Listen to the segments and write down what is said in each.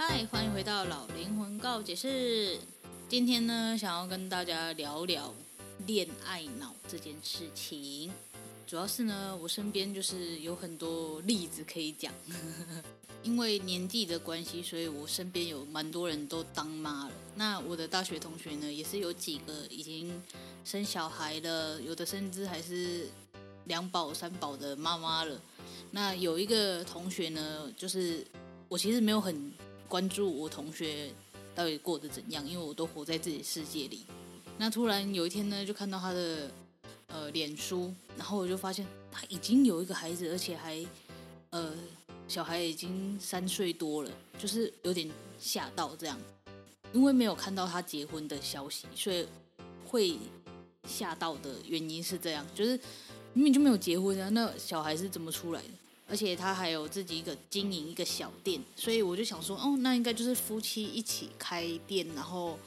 嗨，歡迎回到老靈魂告解室。今天呢，想要跟大家聊聊戀愛腦這件事情。主要是呢，我身邊就是有很多例子可以講。 因為年紀的關係，所以我身邊有蠻多人都當媽了。那我的大學同學呢，也是有幾個已經生小孩了，有的甚至還是兩寶三寶的媽媽了。那有一個同學呢，就是我其實沒有很關注我同學到底過得怎樣，因為我都活在自己世界裡。那突然有一天呢，就看到他的呃臉書，然後我就發現他已經有一個孩子，而且還呃小孩已經三歲多了，就是有點嚇到這樣。因為沒有看到他結婚的消息，所以會嚇到的原因是這樣，就是明明就沒有結婚啊，那小孩是怎麼出來的？而且他還有自己一個經營一個小店，所以我就想說，哦，那應該就是夫妻一起開店，然後，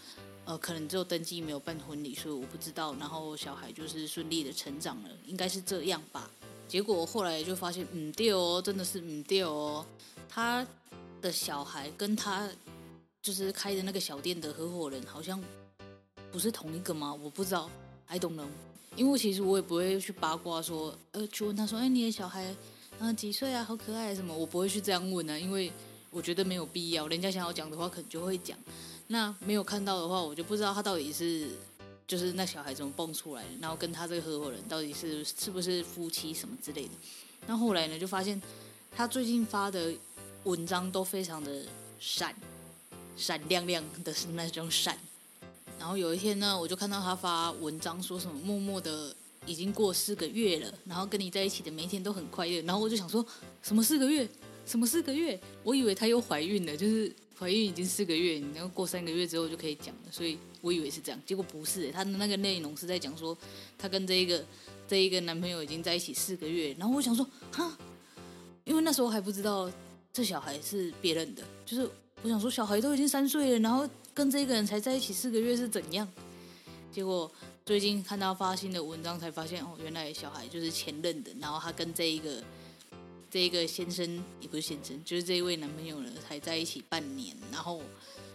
呃，可能只有登記沒有辦婚禮，所以我不知道。然後小孩就是順利的成長了，應該是這樣吧。結果後來就發現，嗯對哦，哦真的是嗯對哦。他的小孩跟他就是開的那個小店的合夥人好像不是同一個嗎？我不知道，還懂嗎？因為其實我也不會去八卦說，呃，去問他說，哎、欸，你的小孩。嗯，幾歲啊？好可愛啊，什麼？我不會去這樣問呢啊，因為我覺得沒有必要。人家想要講的話，可能就會講。那沒有看到的話，我就不知道他到底是，就是那小孩怎麼蹦出來的，然後跟他這個合夥人到底是是不是夫妻什麼之類的。那後來呢，就發現他最近發的文章都非常的閃，閃亮亮的是那種閃。然後有一天呢，我就看到他發文章說什麼默默的，已經過四個月了，然後跟你在一起的每一天都很快樂，然後我就想說，什麼四個月，什麼四個月，我以為她又懷孕了，就是懷孕已經四個月，然後過三個月之後就可以講了，所以我以為是這樣，結果不是，她的那個內容是在講說，她跟這一個這一個男朋友已經在一起四個月，然後我想說，哈，因為那時候還不知道這小孩是別人的，就是我想說小孩都已經三歲了，然後跟這個人才在一起四個月是怎樣，結果。最近看到發新的文章，才發現哦，原來小孩就是前任的。然後他跟這一個這一個先生也不是先生，就是這位男朋友呢，才在一起半年，然後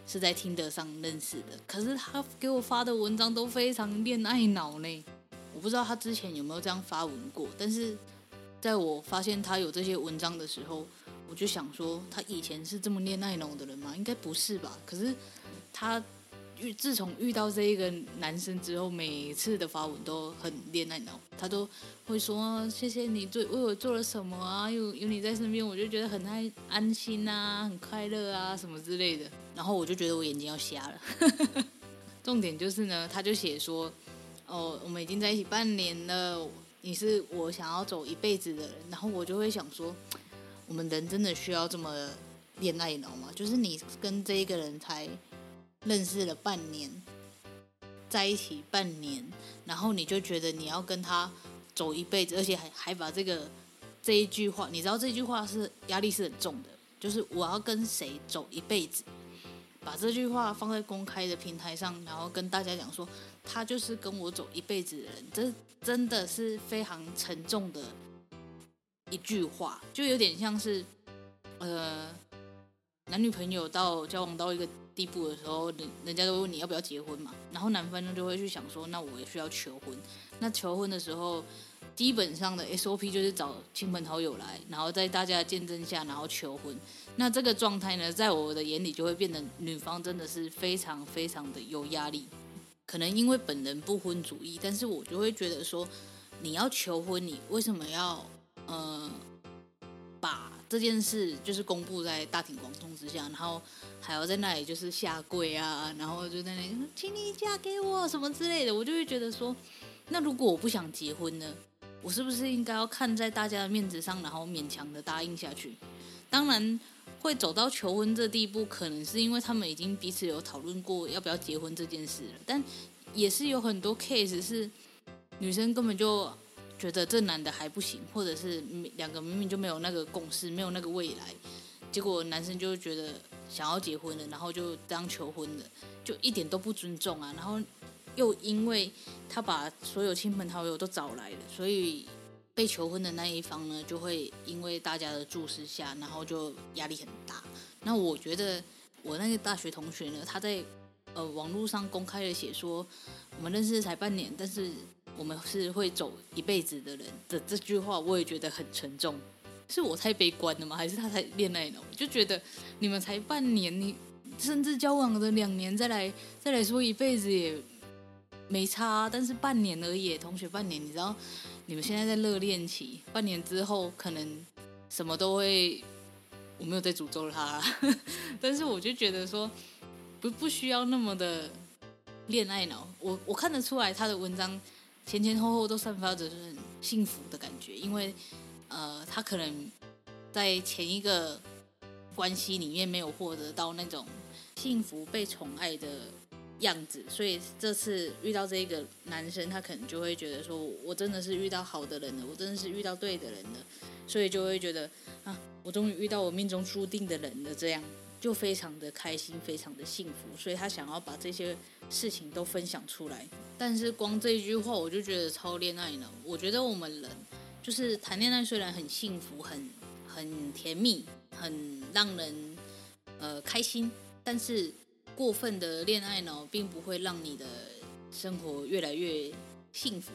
是在聽得上認識的。可是他給我發的文章都非常戀愛腦呢，我不知道他之前有沒有這樣發文過，但是在我發現他有這些文章的時候，我就想說，他以前是這麼戀愛腦的人嗎？應該不是吧？可是他。遇，自從遇到這一個男生之後，每次的發文都很戀愛腦，他都會說、啊、謝謝你做，為我做了什麼啊，有有你在身邊我就覺得很安安心啊，很快樂啊什麼之類的。然後我就覺得我眼睛要瞎了。 重點就是呢，他就寫說哦，我們已經在一起半年了，你是我想要走一輩子的人。然後我就會想說，我們人真的需要這麼戀愛腦嗎？就是你跟這一個人才。認識了半年，在一起半年，然後你就覺得你要跟他走一輩子，而且還還把這個這一句話，你知道這句話是壓力是很重的，就是我要跟誰走一輩子，把這句話放在公開的平台上，然後跟大家講說他就是跟我走一輩子的人，這真的是非常沉重的一句話，就有點像是呃，男女朋友到交往到一個。地步的時候，人人家都問你要不要結婚嘛，然後男方呢就會去想說，那我也需要求婚。那求婚的時候，基本上的 SOP 就是找親朋好友來，然後在大家的見證下，然後求婚。那這個狀態呢，在我的眼裡就會變得女方真的是非常非常的有壓力。可能因為本人不婚主義，但是我就會覺得說，你要求婚，你為什麼要呃把。這件事就是公布在大庭廣眾之下，然後還要在那裡就是下跪啊，然後就在那裡，請你嫁給我什麼之類的，我就會覺得說，那如果我不想結婚呢，我是不是應該要看在大家的面子上，然後勉強的答應下去？當然，會走到求婚這地步，可能是因為他們已經彼此有討論過要不要結婚這件事了，但也是有很多 case 是女生根本就。覺得這男的還不行，或者是兩個明明就沒有那個共識，沒有那個未來，結果男生就覺得想要結婚了，然後就這樣求婚了，就一點都不尊重啊。然後又因為他把所有親朋好友都找來了，所以被求婚的那一方呢，就會因為大家的注視下，然後就壓力很大。那我覺得我那個大學同學呢，他在呃網絡上公開的寫說，我們認識才半年，但是。我們是會走一輩子的人的這句話，我也覺得很沉重。是我太悲觀了嗎？還是他太戀愛腦？我就覺得你們才半年，你甚至交往了兩年，再來再來說一輩子也沒差啊。但是半年而已，同學半年，你知道你們現在在熱戀期，半年之後可能什麼都會。我沒有在詛咒他啊，但是我就覺得說不不需要那麼的戀愛腦。我我看得出來他的文章。前前後後都散發着就是很幸福的感覺，因為，呃，他可能在前一個關係裡面沒有獲得到那種幸福、被寵愛的樣子，所以這次遇到這個男生，他可能就會覺得說，我真的是遇到好的人了，我真的是遇到對的人了，所以就會覺得啊，我終於遇到我命中注定的人了，這樣。就非常的開心，非常的幸福，所以他想要把這些事情都分享出來。但是光這一句話，我就覺得超戀愛腦。我覺得我們人就是談戀愛，雖然很幸福、很很甜蜜、很讓人呃開心，但是過分的戀愛腦並不會讓你的生活越來越幸福。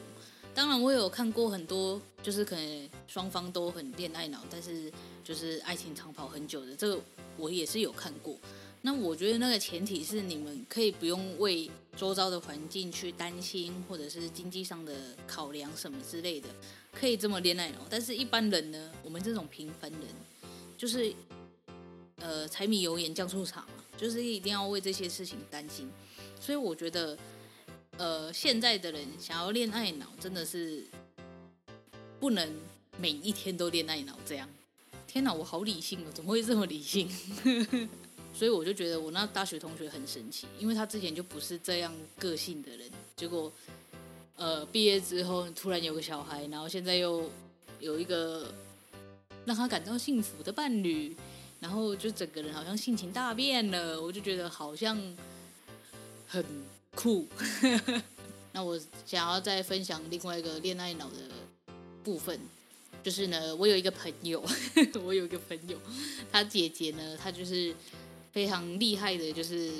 當然，我有看過很多，就是可能雙方都很戀愛腦，但是。就是愛情長跑很久的，這個我也是有看過。那我覺得那個前提是你們可以不用為周遭的環境去擔心，或者是經濟上的考量什麼之類的，可以這麼戀愛腦。但是一般人呢，我們這種平凡人，就是呃，柴米油鹽醬醋茶嘛，就是一定要為這些事情擔心。所以我覺得，呃，現在的人想要戀愛腦，真的是不能每一天都戀愛腦這樣。天哪，我好理性哦，我怎麼會這麼理性？ 所以我就覺得我那大學同學很神奇，因為他之前就不是這樣個性的人，結果呃畢業之後突然有個小孩，然後現在又有一個讓他感到幸福的伴侶，然後就整個人好像性情大變了，我就覺得好像很酷。 那我想要再分享另外一個戀愛腦的部分。就是呢，我有一個朋友， 我有一個朋友，她姐姐呢，她就是非常厲害的，就是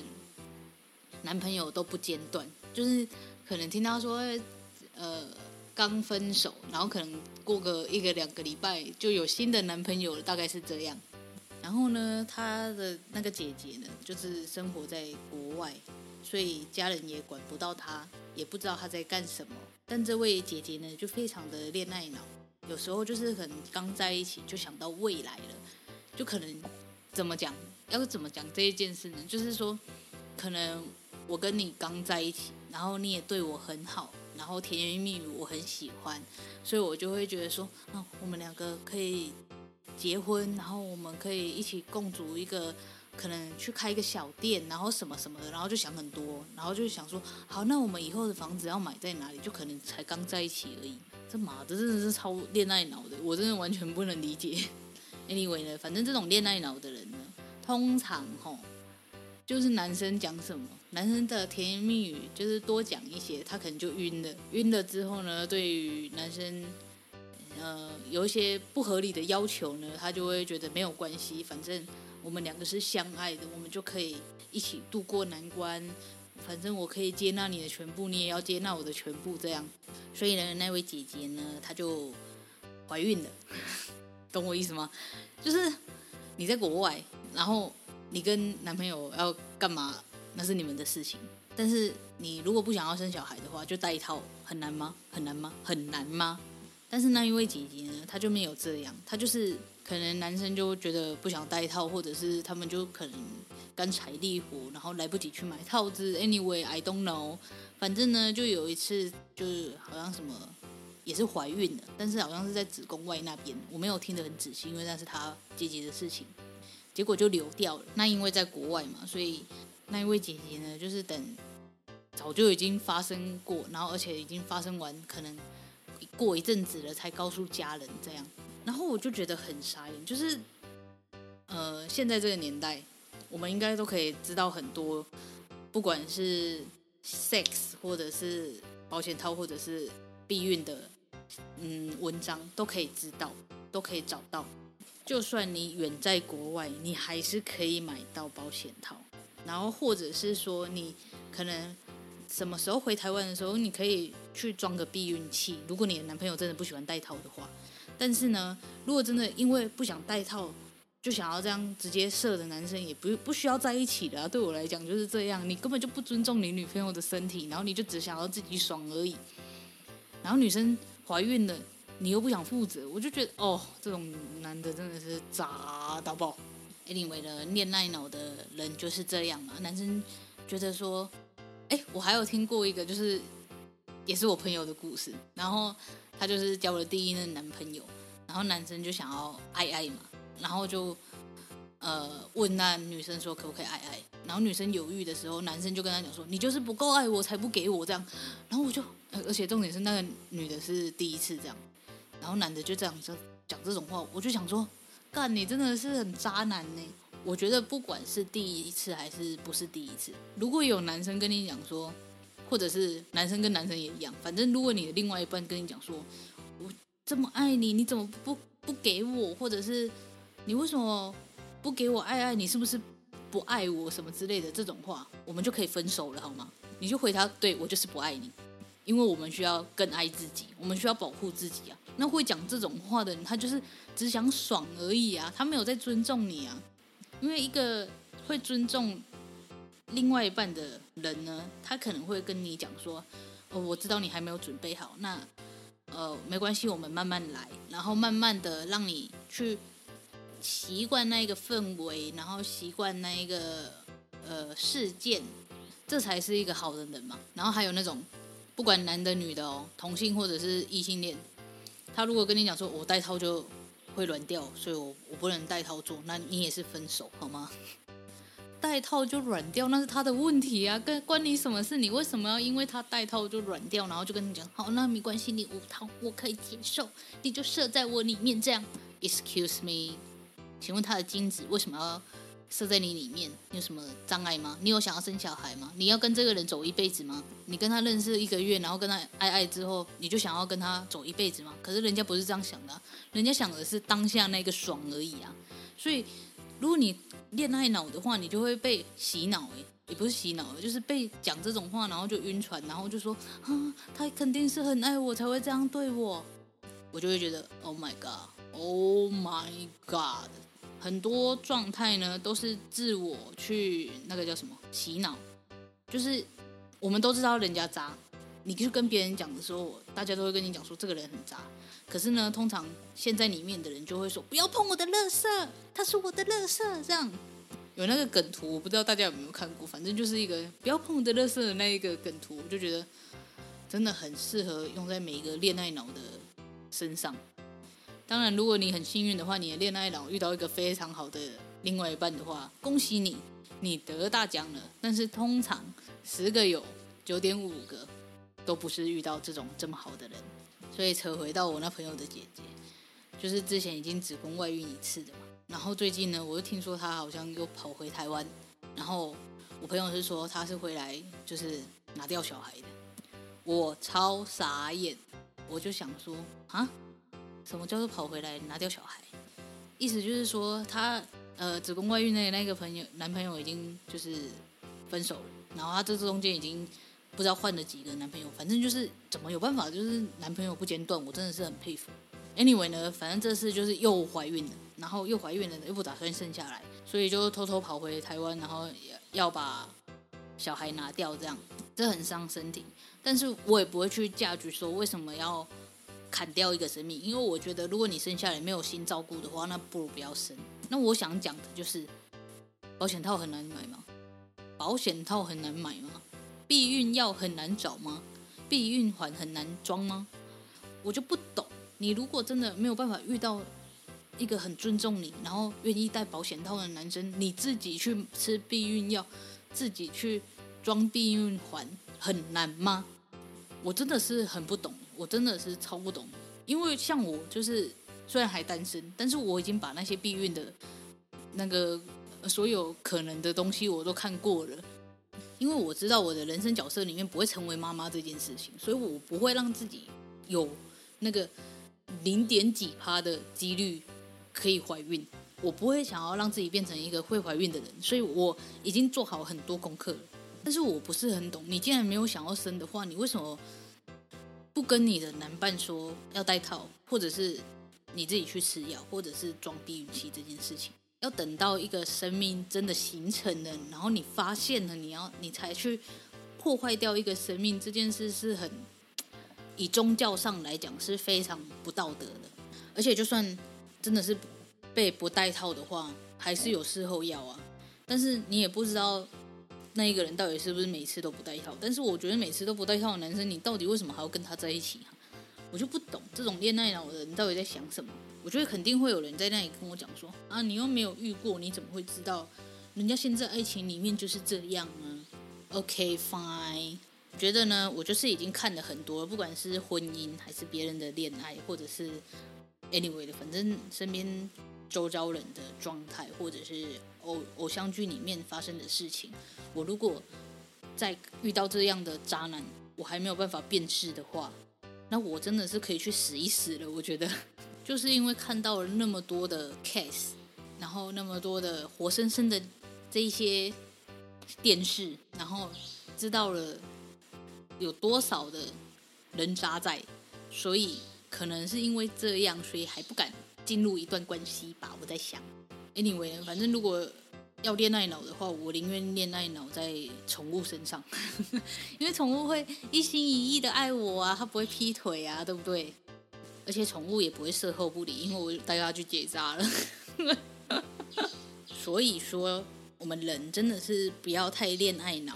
男朋友都不間斷，就是可能聽到說，呃，剛分手，然後可能過個一個兩個禮拜就有新的男朋友了，大概是這樣。然後呢，她的那個姐姐呢，就是生活在國外，所以家人也管不到她，也不知道她在幹什麼。但這位姐姐呢，就非常的戀愛腦。有時候就是可能剛在一起就想到未來了，就可能怎麼講要是怎麼講這一件事呢？就是說，可能我跟你剛在一起，然後你也對我很好，然後甜言蜜語我很喜歡，所以我就會覺得說，嗯，我們兩個可以結婚，然後我們可以一起共組一個，可能去開一個小店，然後什麼什麼的，然後就想很多，然後就想說，好，那我們以後的房子要買在哪裡？就可能才剛在一起而已。這馬子真的是超戀愛腦的，我真的完全不能理解。 Anyway 呢，反正這種戀愛腦的人呢，通常吼、哦、就是男生講什麼，男生的甜言蜜語就是多講一些，他可能就暈了。暈了之後呢，對於男生呃有一些不合理的要求呢，他就會覺得沒有關係，反正我們兩個是相愛的，我們就可以一起度過難關。反正我可以接納你的全部，你也要接納我的全部，這樣。所以呢，那位姐姐呢，她就懷孕了， 懂我意思嗎？就是你在國外，然後你跟男朋友要幹嘛，那是你們的事情。但是你如果不想要生小孩的話，就帶一套，很難嗎？很難嗎？很難嗎？但是那一位姐姐呢，她就沒有這樣，她就是。可能男生就覺得不想戴套，或者是他們就可能乾柴烈火，然後來不及去買套子。Anyway，I don't know。反正呢，就有一次就是好像什麼也是懷孕了，但是好像是在子宮外那邊，我沒有聽得很仔細，因為那是他姐姐的事情。結果就流掉了。那因為在國外嘛，所以那一位姐姐呢，就是等早就已經發生過，然後而且已經發生完，可能過一陣子了才告訴家人這樣。然後我就覺得很傻眼，就是，呃，現在這個年代，我們應該都可以知道很多，不管是 sex 或者是保險套或者是避孕的，嗯，文章都可以知道，都可以找到。就算你遠在國外，你還是可以買到保險套。然後或者是說，你可能什麼時候回台灣的時候，你可以去裝個避孕器。如果你的男朋友真的不喜歡戴套的話。但是呢，如果真的因為不想帶套，就想要這樣直接射的男生，也不不需要在一起的啊。對我來講就是這樣，你根本就不尊重你女朋友的身體，然後你就只想要自己爽而已。然後女生懷孕了，你又不想負責，我就覺得哦，這種男的真的是渣到爆。Anyway 的戀愛腦的人就是這樣嘛，男生覺得說，哎，我還有聽過一個，就是也是我朋友的故事，然後。她就是交了第一任男朋友，然後男生就想要愛愛嘛，然後就呃問那女生說可不可以愛愛，然後女生猶豫的時候，男生就跟她講說你就是不夠愛我才不給我這樣，然後我就而且重點是那個女的是第一次這樣，然後男的就這樣講講這種話，我就想說幹你真的是很渣男呢。我覺得不管是第一次還是不是第一次，如果有男生跟你講說。或者是男生跟男生也一樣，反正如果你的另外一半跟你講說，我這麼愛你，你怎麼不不給我，或者是你為什麼不給我愛愛？你是不是不愛我什麼之類的這種話，我們就可以分手了，好嗎？你就回他，對，我就是不愛你，因為我們需要更愛自己，我們需要保護自己啊。那會講這種話的人，他就是只想爽而已啊，他沒有在尊重你啊，因為一個會尊重。另外一半的人呢，他可能會跟你講說，哦，我知道你還沒有準備好，那，呃，沒關係，我們慢慢來，然後慢慢的讓你去習慣那一個氛圍，然後習慣那一個呃事件，這才是一個好的人嘛。然後還有那種不管男的女的哦，同性或者是異性戀，他如果跟你講說，我戴套就會軟掉，所以我我不能戴套做，那你也是分手好嗎？戴套就軟掉，那是他的問題啊，跟關你什麼事？你為什麼要因為他戴套就軟掉？然後就跟你講，好，那沒關係，你無套我，我可以接受，你就射在我裡面這樣。Excuse me，請問他的精子為什麼要射在你裡面？你有什麼障礙嗎？你有想要生小孩嗎？你要跟這個人走一輩子嗎？你跟他認識一個月，然後跟他愛愛之後，你就想要跟他走一輩子嗎？可是人家不是這樣想的啊，人家想的是當下那個爽而已啊，所以。如果你戀愛腦的話，你就會被洗腦，哎，也不是洗腦，就是被講這種話，然後就暈船，然後就說，啊，他肯定是很愛我才會這樣對我，我就會覺得，Oh my god，Oh my god，很多狀態呢都是自我去那個叫什麼洗腦，就是我們都知道人家渣。你就跟別人講的時候，大家都會跟你講說這個人很渣。可是呢，通常陷在裡面的人就會說：“不要碰我的樂色，他是我的樂色。”這樣有那個梗圖，我不知道大家有沒有看過。反正就是一個不要碰我的樂色的那一個梗圖，我就覺得真的很適合用在每一個戀愛腦的身上。當然，如果你很幸運的話，你的戀愛腦遇到一個非常好的另外一半的話，恭喜你，你得大獎了。但是通常十個有九點五個。都不是遇到這種這麼好的人，所以扯回到我那朋友的姐姐，就是之前已經子宮外孕一次的嘛。然後最近呢，我就聽說她好像又跑回台灣，然後我朋友是說她是回來就是拿掉小孩的，我超傻眼，我就想說啊，什麼叫做跑回來拿掉小孩？意思就是說她呃子宮外孕的那個朋友男朋友已經就是分手了，然後她這中間已經。不知道換了幾個男朋友，反正就是怎麼有辦法，就是男朋友不間斷，我真的是很佩服。Anyway 呢，反正這次就是又懷孕了，然後又懷孕了，又不打算生下來，所以就偷偷跑回台灣，然後要把小孩拿掉這，這樣這很傷身體。但是我也不會去嫁句說為什麼要砍掉一個生命，因為我覺得如果你生下來沒有心照顧的話，那不如不要生。那我想講的就是，保險套很難買嗎？保險套很難買嗎？避孕藥很難找嗎？避孕環很難裝嗎？我就不懂。你如果真的沒有辦法遇到一個很尊重你，然後願意戴保險套的男生，你自己去吃避孕藥，自己去裝避孕環，很難嗎？我真的是很不懂，我真的是超不懂。因為像我，就是雖然還單身，但是我已經把那些避孕的那個所有可能的東西我都看過了。因為我知道我的人生角色裡面不會成為媽媽這件事情，所以我不會讓自己有那個零點幾趴的幾率可以懷孕。我不會想要讓自己變成一個會懷孕的人，所以我已經做好很多功課了。但是我不是很懂，你既然沒有想要生的話，你為什麼不跟你的男伴說要戴套，或者是你自己去吃藥，或者是裝避孕器這件事情？要等到一個生命真的形成了，然後你發現了，你要你才去破壞掉一個生命，這件事是很以宗教上來講是非常不道德的。而且就算真的是被不戴套的話，還是有事後藥啊。但是你也不知道那一個人到底是不是每次都不戴套。但是我覺得每次都不戴套的男生，你到底為什麼還要跟他在一起啊？我就不懂這種戀愛腦的人到底在想什麼？我覺得肯定會有人在那裡跟我講說：“啊，你又沒有遇過，你怎麼會知道人家現在愛情裡面就是這樣呢？”OK，Fine。Okay, fine 我覺得呢，我就是已經看了很多了，不管是婚姻還是別人的戀愛，或者是 anyway 的，反正身邊周遭人的狀態，或者是偶偶像劇裡面發生的事情。我如果在遇到這樣的渣男，我還沒有辦法辨識的話，那我真的是可以去死一死了。我覺得。就是因為看到了那麼多的 case，然後那麼多的活生生的這一些電視，然後知道了有多少的人渣在，所以可能是因為這樣，所以還不敢進入一段關係吧。我在想，anyway，反正如果要戀愛腦的話，我寧願戀愛腦在寵物身上， 因為寵物會一心一意的愛我啊，它不會劈腿啊，對不對？而且寵物也不會事後不理，因為我帶它去結紮了。 所以說，我們人真的是不要太戀愛腦，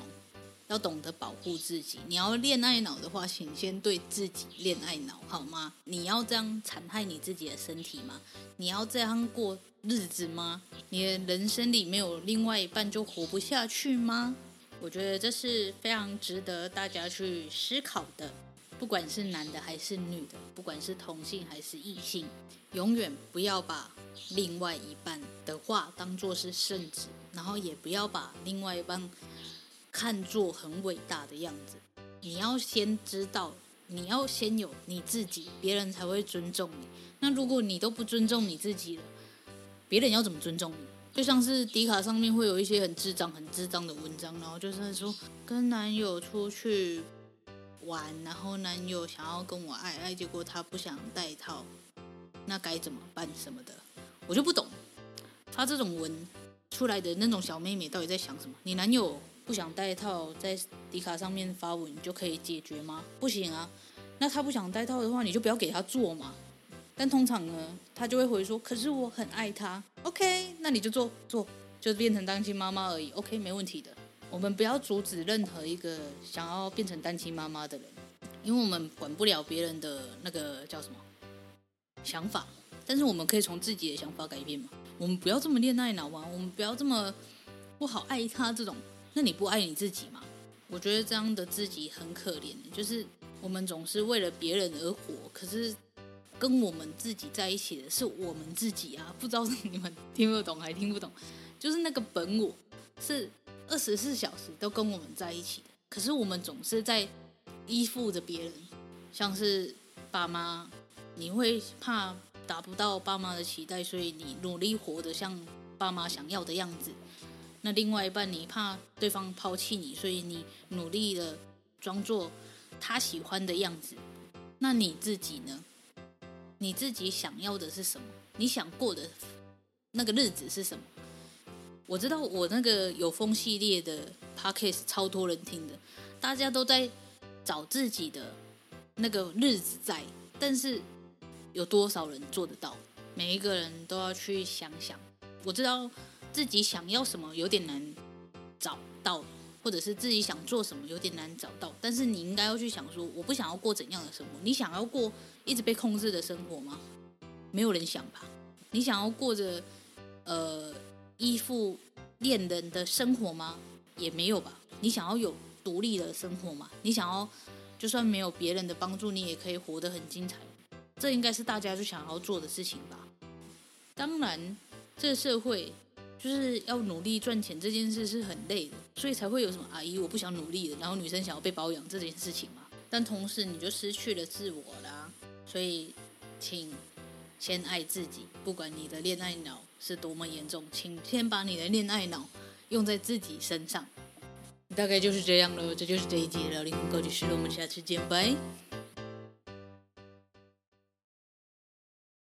要懂得保護自己。你要戀愛腦的話，請先對自己戀愛腦好嗎？你要這樣殘害你自己的身體嗎？你要這樣過日子嗎？你的人生裡沒有另外一半就活不下去嗎？我覺得這是非常值得大家去思考的。不管是男的還是女的，不管是同性還是異性，永遠不要把另外一半的話當做是聖旨，然後也不要把另外一半看作很偉大的樣子。你要先知道，你要先有你自己，別人才會尊重你。那如果你都不尊重你自己了，別人要怎麼尊重你？就像是迪卡上面會有一些很智障、很智障的文章，然後就是說跟男友出去。玩，然後男友想要跟我愛愛，結果他不想帶套，那該怎麼辦什麼的，我就不懂。他這種文出來的那種小妹妹到底在想什麼？你男友不想帶套，在迪卡上面發文就可以解決嗎？不行啊。那他不想帶套的話，你就不要給他做嘛。但通常呢，他就會回說：“可是我很愛他。” OK，那你就做做，就變成單親媽媽而已。OK，沒問題的。我們不要阻止任何一個想要變成單親媽媽的人，因為我們管不了別人的那個叫什麼想法，但是我們可以從自己的想法改變嘛。我們不要這麼戀愛腦啊，我們不要這麼不好愛他這種，那你不愛你自己嗎？我覺得這樣的自己很可憐，就是我們總是為了別人而活，可是跟我們自己在一起的是我們自己啊。不知道是你們聽得懂還聽不懂，就是那個本我是二十四小時都跟我們在一起，可是我們總是在依附着別人，像是爸媽，你會怕達不到爸媽的期待，所以你努力活得像爸媽想要的樣子。那另外一半，你怕對方拋棄你，所以你努力的裝作他喜歡的樣子。那你自己呢？你自己想要的是什麼？你想過的那個日子是什麼？我知道我那個有風系列的 podcast 超多人聽的，大家都在找自己的那個日子在，但是有多少人做得到？每一個人都要去想想，我知道自己想要什麼有點難找到，或者是自己想做什麼有點難找到，但是你應該要去想說，我不想要過怎樣的生活？你想要過一直被控制的生活嗎？沒有人想吧？你想要過着呃？依附戀人的生活嗎？也沒有吧。你想要有獨立的生活嗎？你想要就算沒有別人的幫助，你也可以活得很精彩。這應該是大家就想要做的事情吧。當然，這個、社會就是要努力賺錢，這件事是很累的，所以才會有什麼阿、啊、姨我不想努力的，然後女生想要被包養這件事情嘛。但同時你就失去了自我啦。所以，請。先愛自己，不管你的戀愛腦是多麼嚴重，請先把你的戀愛腦用在自己身上。大概就是這樣了，這就是這一集了，老靈魂告解室，我們下次見，拜。